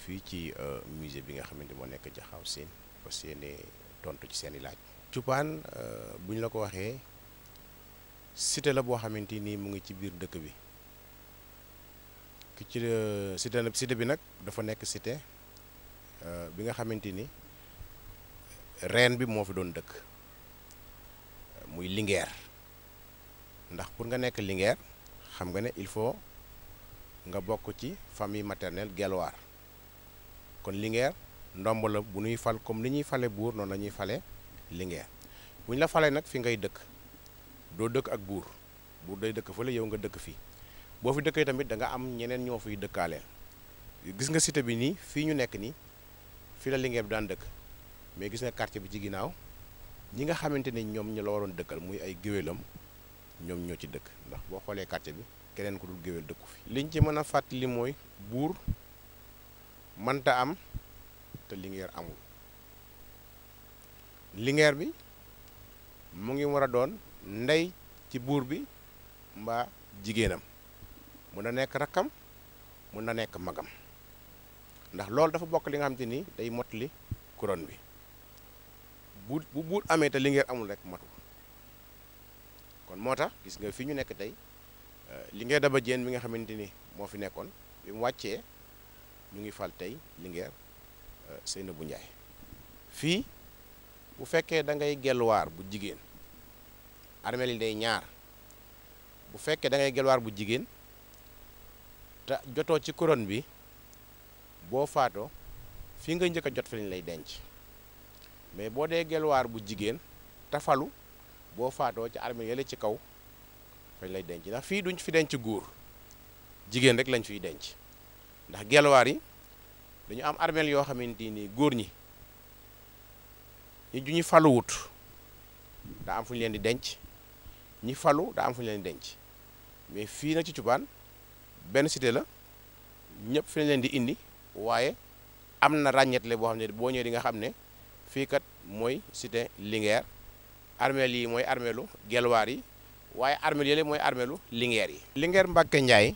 fii ci euh, musée bi nga xamante moo nekk Jaxaaw Siin fas yéene tontu ci seen i laaj. Cuppaan euh, bu ñu la ko waxee cité la boo xamante nii mu ngi ci biir dëkk bi ki ci euh, cité bi nag dafa nekk cité bi nga xamante ni reen bi moo fi doon dëkk muy Linguère ndax pour nga nekk Linguère xam nga ne il faut nga bokk ci famille maternelle Gelwaar kon Linguère ndomb la bu nuy fal comme ni ñuy fale buur noonu la ñuy fale Linguère bu ñu la falee nag fi ngay dëkk doo dëkk ak buur buur day dëkk fële yow nga dëkk fii boo fi dëkkee tamit danga am ñeneen ñoo fiy dëkkaaleel gis nga cité bi nii fii ñu nekk nii fii la Linguère bi daan dëkk mais gis nga quartier bi ci ginnaaw ñi nga xamante ne ñoom ñu la waroon dëkkal muy ay géwélam ñoom ñoo ci dëkk ndax boo xoolee quartier bi keneen ku dul géwél dëkku fi liñ ci mën a fàttali mooy buur manta am te Linguère amul Linguère bi mu ngi war a doon ndey ci buur bi mbaa jigéenam mun a nekk rakkam mun na nekk magam ndax loolu dafa bokk li nga xam te ni day motli couronne bi bu bu buur amee te Linguère amul rek matu kon moo tax gis nga fi ñu nekk tey euh, Linguère ba Diène mi nga xamante ni moo fi nekkoon bi mu wàccee ñu ngi fal tey Linguère euh, bu Ndiaye fii bu fekkee da ngay gelwaar bu jigéen armeel yi day ñaar bu fekkee dangay ngay gelwaar bu jigéen te jotoo ci couronne bi boo faatoo fii nga njëkk a jot fi lañ lay denc mais boo dee geluwaar bu jigéen tafalu boo faatoo ci armeel yële ci kaw fañ lay denc ndax fii duñ fi denc góor jigéen rek lañ fiy denc ndax gelwaar yi dañu am armeel yoo xamante ni góor ñi ñi ju ñu faluwut daa am fu ñu leen di denc ñi falu daa am fu ñu leen di denc mais fii nag ci Thioubane benn cité la ñëpp fi lañ leen di indi waaye am na ràññeetle boo xam ne boo ñëwee di nga xam ne fii kat mooy cité Linguère armeel yi mooy armeelu gelwaar yi waaye armeel yële mooy armeelu Linguère yi Linguère Mbacke Ndiaye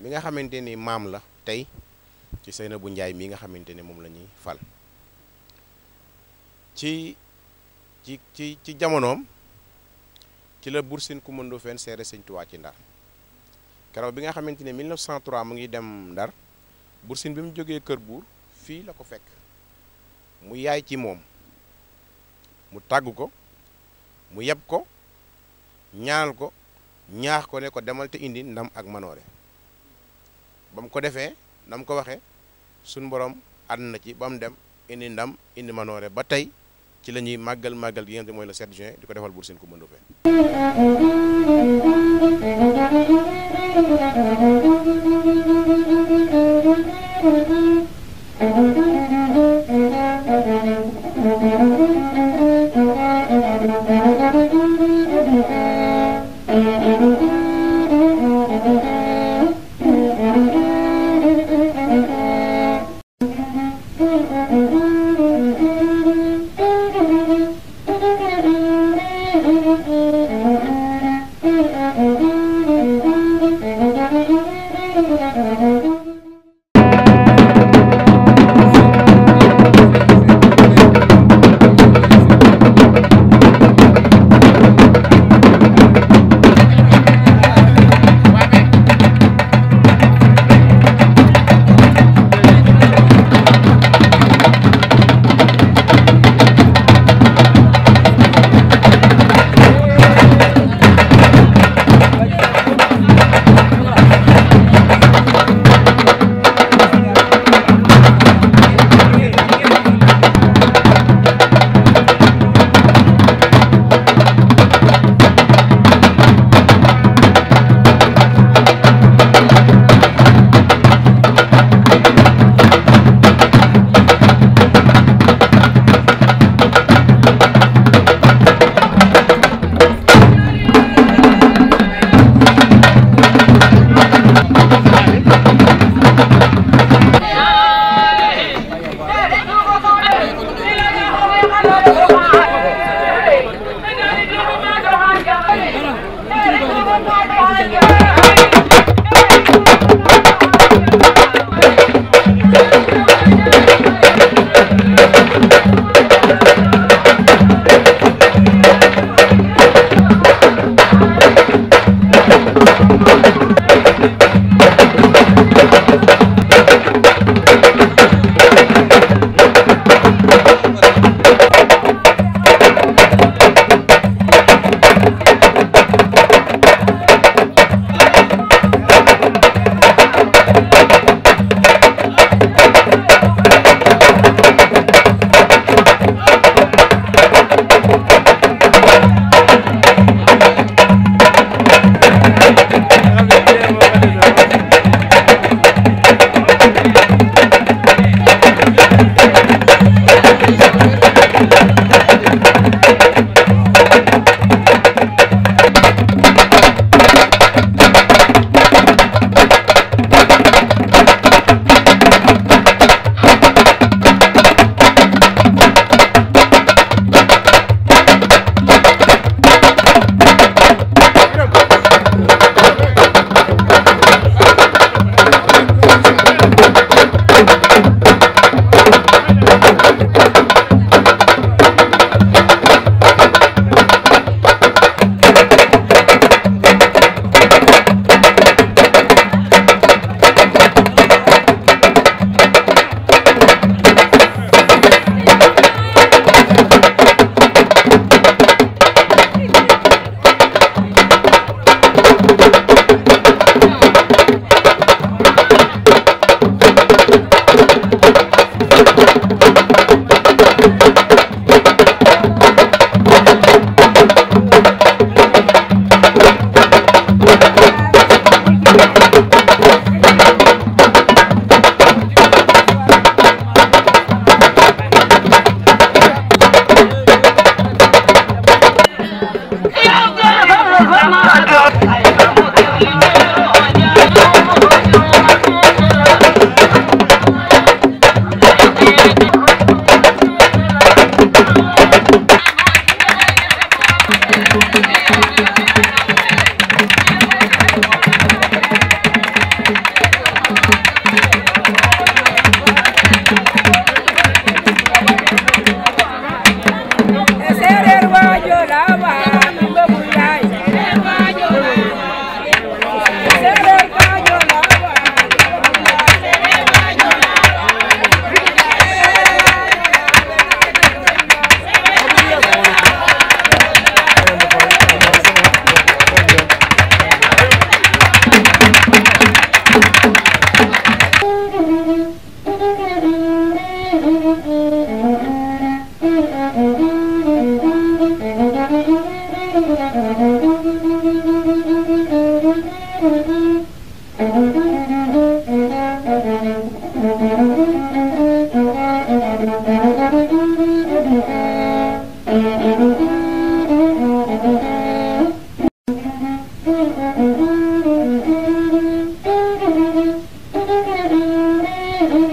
mi nga xamante ni maam la tey ci bu njaay mii nga xamante ni moom lañuy ñuy fal ci ci ci ci jamonoom ci la Buur Sine Coumba Ndoffène seere Sëñ Tuubaa ci Ndar keroog bi nga xamante ni 1903 mu ngi dem Ndar Buur bi mu jógee kër buur fii la ko fekk mu yaay ci moom mu tàgg ko mu yeb ko ñaanal ko ñaax ko ne ko demal te indi ndam ak manoore ba mu ko defee na ko waxee suñu borom ànd na ci ba mu dem indi ndam indi manoore ba tey ci la ñuy màggal màggal gi nga xam mooy le 7 juin di ko defal Buur Sine Coumba Ndofféne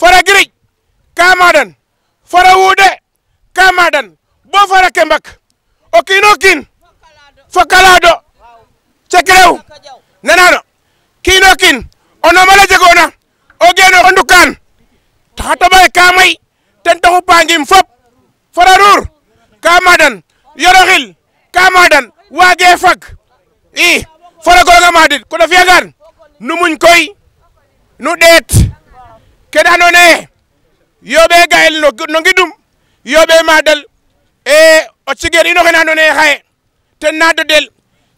fara girig kamaɗen fara wuude kamaɗen bo fara kembak o kiino kiin fo kalaɗo cekirew nanano kiino kiin o nomala o geeno o ndukan taxa toɓaye kamay ten taxu pangim fop fara ruur kamaɗen yoroxil kamaɗen waage fag i fara gonga madid koɗo fiyagan nu muñ koy nu ɗeet ke ɗa andoona yee yooɓee ga'el no ngidum yooɓee maadel e o cigel ino xaye ten na dodel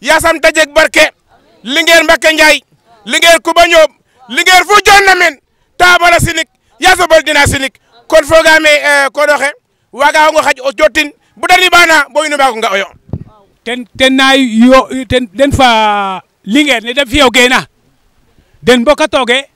yaasam ta jeg barke lingeer Mbakke Njaay lingeer Kuba Ñoob lingeer fu joonna men sinig yaasa bol dina sinig kon foogaam ee koɗoxe waagaxongo xaj o jotin bu da riɓaana bo wiin we mbaag ten ten na yo den fa lingeer ne da fi'ogeena den mbokatooge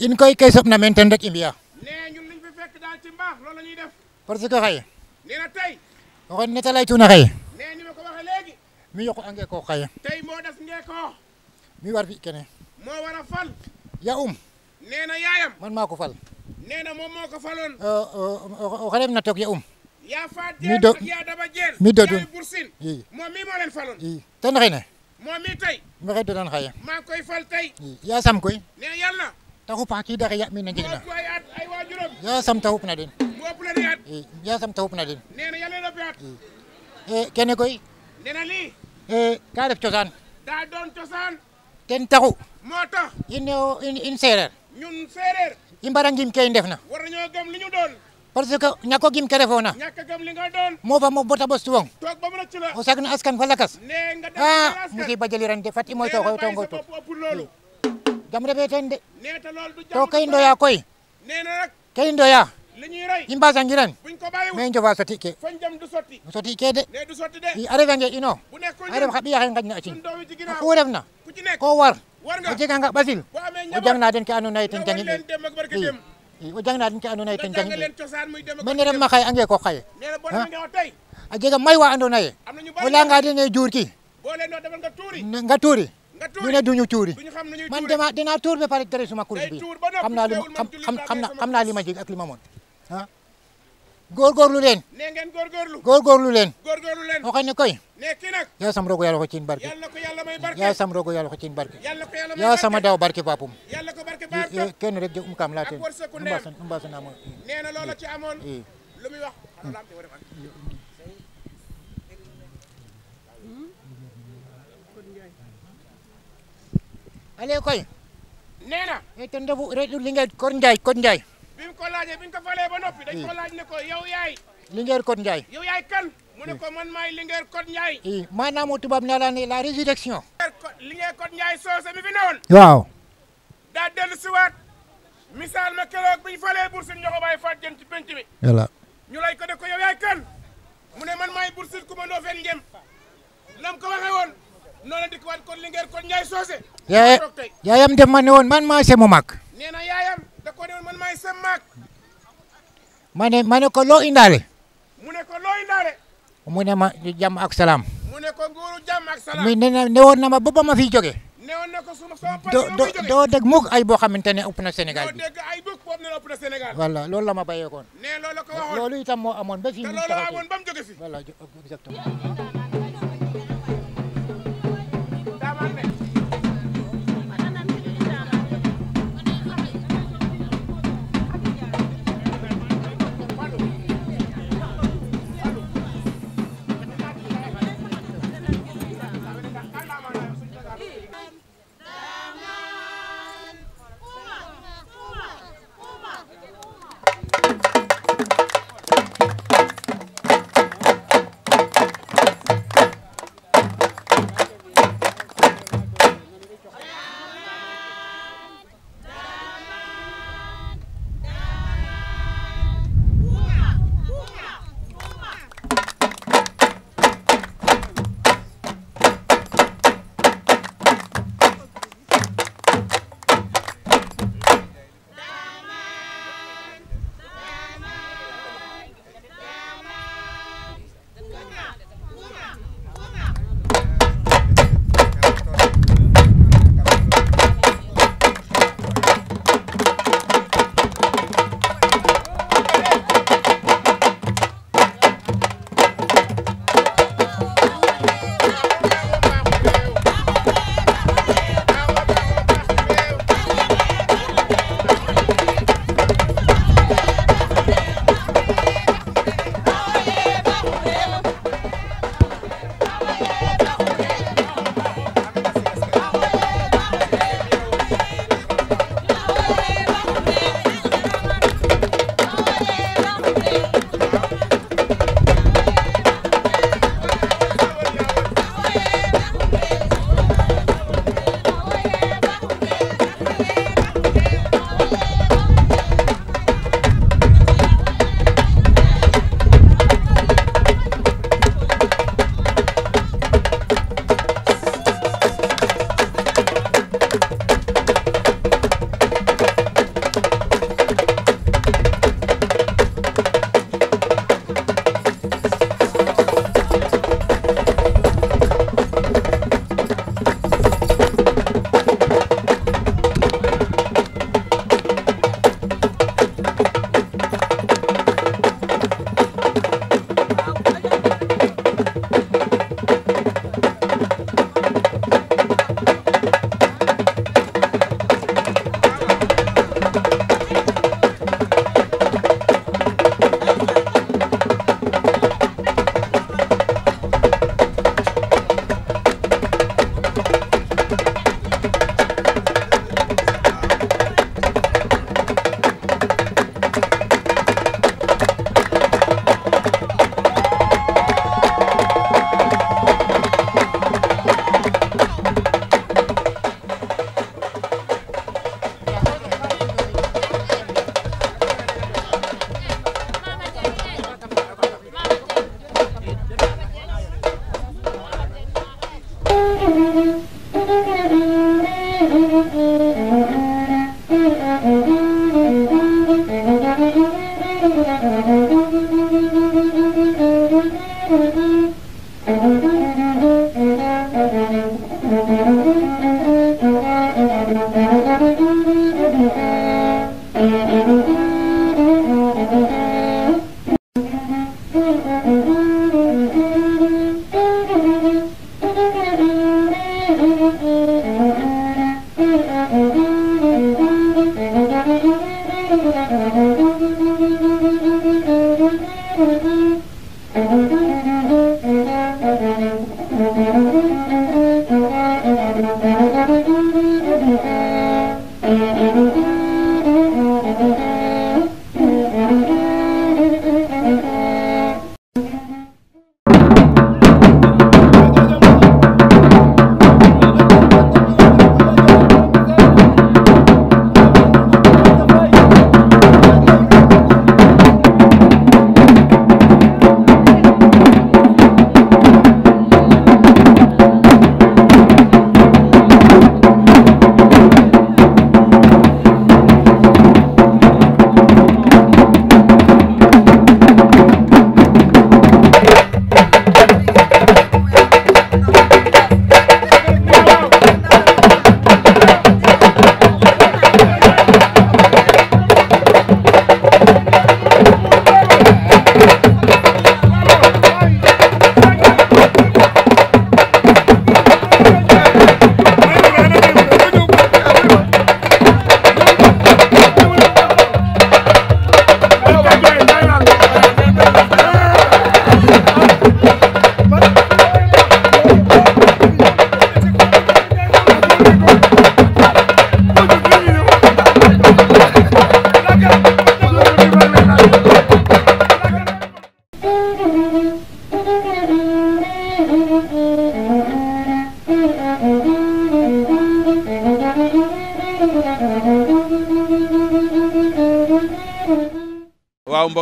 in koy kay soɓna meen ten rek i mbi'aa la parce que xaye nee na tey oxen ne ta ma ko waxee mi a moo des ngeekoox mi war fi kene moo war a fal ya um nee na yaayam man maa ko fal nee na moom moo ko faloon oxe refna toog ya um yaa faat jeen ak yaa daba jeen mi dodun yaay bursin moom mi moo leen faloon ten xene moom mi tey maxey donan xaye sam koy nee yàlla taxu paki daga ya min jigna ya sam taxu na din eh, ya sam taxu na din neena na biat eh, eh kene koy neena li eh ka def cosaan da doon ten taxu moo tax in in séeréer ñun séeréer ngim kay def na war nañoo gëm li ñu parce que ñàkk a gim ke refoona ñàkk a li nga doon moo fa moo bota bostu wong la o sagna askan fa lakas ne nga def ah musiba jëli ren de fat i moy to koy to ngoy to jam refe teen de to ke ndoya koy ke ndoya i mbasangiran me njofa soti ke soti ke de a refange ino a ref xa ɓiya xe ngaƴna a cin ku refna ko war o jeganga ɓasil o jangna den ke andoona yee ten jangin len i o jangna den ke andoona yee ten jangin len a ngeeko xaye a jega may wa andoona yee o den ee juur ki nga tuuri ñu ne duñu man dama dinaa tuur ba pare tere suma kuréel bi xam naa li ma xam naa li ma jég ak li ma mën ah leen ne ngeen góorgóorlu góorgóorlu leen góorgóorlu leen waxoon ne koy yaa sam rogo yàlla ko ciin barke yàlla ko yàlla may yaa sam rogo yàlla ko ciin barke yàlla ko yàlla may barke yaa sama daaw barke papum yàlla ko barke papum kenn rek jëm kam laa teen mbaasan mbaasan naa ma nee na loola ci amoon lu ale koy nee na te ndefu Linguère Codé Ndiaye Codé Ndiaye bi ko laajee bi falee ba noppi dañ ko laaj ne ko yow yaay Linguère Codé Ndiaye yow yaay kan mu ko man maay Linguère Codé Ndiaye i maanaam o tubaab naa la ne la résurrection Linguère Codé Ndiaye soose mi fi newoon waaw daa dellu siwaat misaal ma keroog bi ñu falee bur sin baay faat jëm ci penc mi ñu lay ko ne ko yow yaay kan mu ne man maay bur sin ku ma ndoofeen ngem lam ko waxee woon noonu dikkuwaat kon Linguère kon Ndiaye Socé. yaayam def ma ne woon man maay sama mag. nee na yaayam da man maay sama mag. ma ne ma ne ko loo indaale. mu ne ko loo mu ne ma jàmm ak salaam. mu ne ko nguuru jàmm ak salaam. mi ne na ma ba ma fiy jógee. newoon na ko suma sama doo doo dégg ay boo xamante ne ëpp na senegal bi doo dégg loolu la ma bàyyeekoon ne loolu la ko waxoon itam moo amoon ba fii te loolu amoon ba mu jóge fi voilà exactement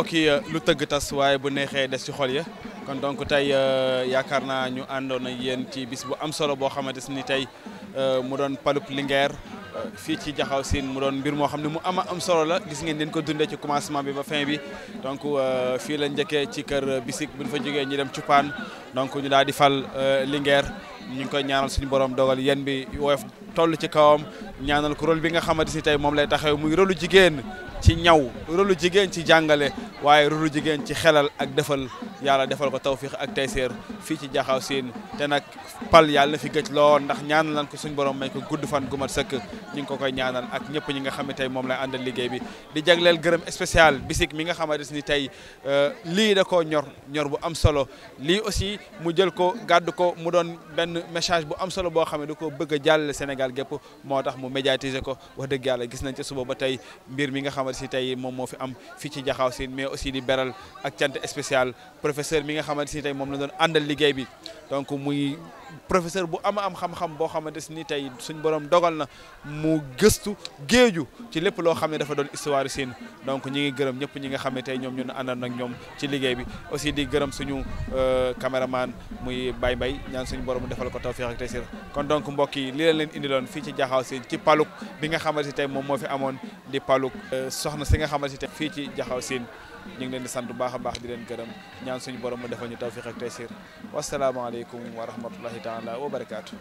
mbokk euh, lu tëgg tas waaye bu neexee des ci xol ya kon donc tey euh, yaakaar naa ñu àndoon ak yéen ci bis bu am solo boo xamante ni tey euh, mu doon palub Linguère fii ci jaxaw siin mu doon mbir moo xam ne mu ama am solo la gis ngeen den ko dundee ci commencement bi ba fin bi donc fii lañ njëkkee ci kër bisik bu ñu fa jógee ñu dem Cupaan donc ñu daal di fal Linguère ñu ngi koy ñaanal suñu borom dogal yéen bi woyof toll ci kawam ñaanal ko rôle bi nga xamante ni tey moom lay taxaw muy rôle ci ñaw rôlu jigéen ci jàngale waaye rôlu jigéen ci xelal ak defal yàlla defal ko tawfiix ak tayseer fii ci jaxaw siin te nag pal yàlla na fi gëj lool ndax ñaanal nañ ko suñ borom may ko gudd fan gu mat sëkk ñu ngi ko koy ñaanal ak ñëpp ñi nga xam ne tey moom lay àndal liggéey bi gërëm spécial bisik mi nga xamante ni tey euh, lii da koo ñor ñor bu am solo lii aussi mu jël ko gàdd ko mu doon benn message bu am solo boo xam ne da bëgg a jàllale Sénégal gépp moo tax mu médiatiser ko wax dëgg yàlla gis nañ ca suba ba tey mbir mi nga xamante ni tey moom moo fi am fii ci jaxaw siin mais aussi di beral ak cant spécial professeur mi nga xamante ni tey moom la doon àndal liggéey bi donc muy professeur bu ama am xam-xam boo xamante ni tey suñ borom dogal na mu gëstu géeju ci lépp loo xam ne dafa doon histoire siin donc ñi ngi gërëm ñëpp ñi nga xam ne tey ñoom ñu àndal nag ñoom ci liggéey bi aussi di gërëm suñu euh, caméraman muy bay bay ñaan suñu borom defal ko tawfeex ak taysir kon donc mbokk yi li leen leen indiloon fii ci jaxaw siin ci paluk bi nga xamante ni tey moom moo fi amoon di paluk euh, soxna si nga xamante ni tey fii ci jaxaw siin ñu ngi leen di sant bu baax a baax di leen gërëm ñaan suñu borom mu defal ñu tawfiq ak taysir wasalaamaaleykum wa rahmatullahi taala wa barakaatu.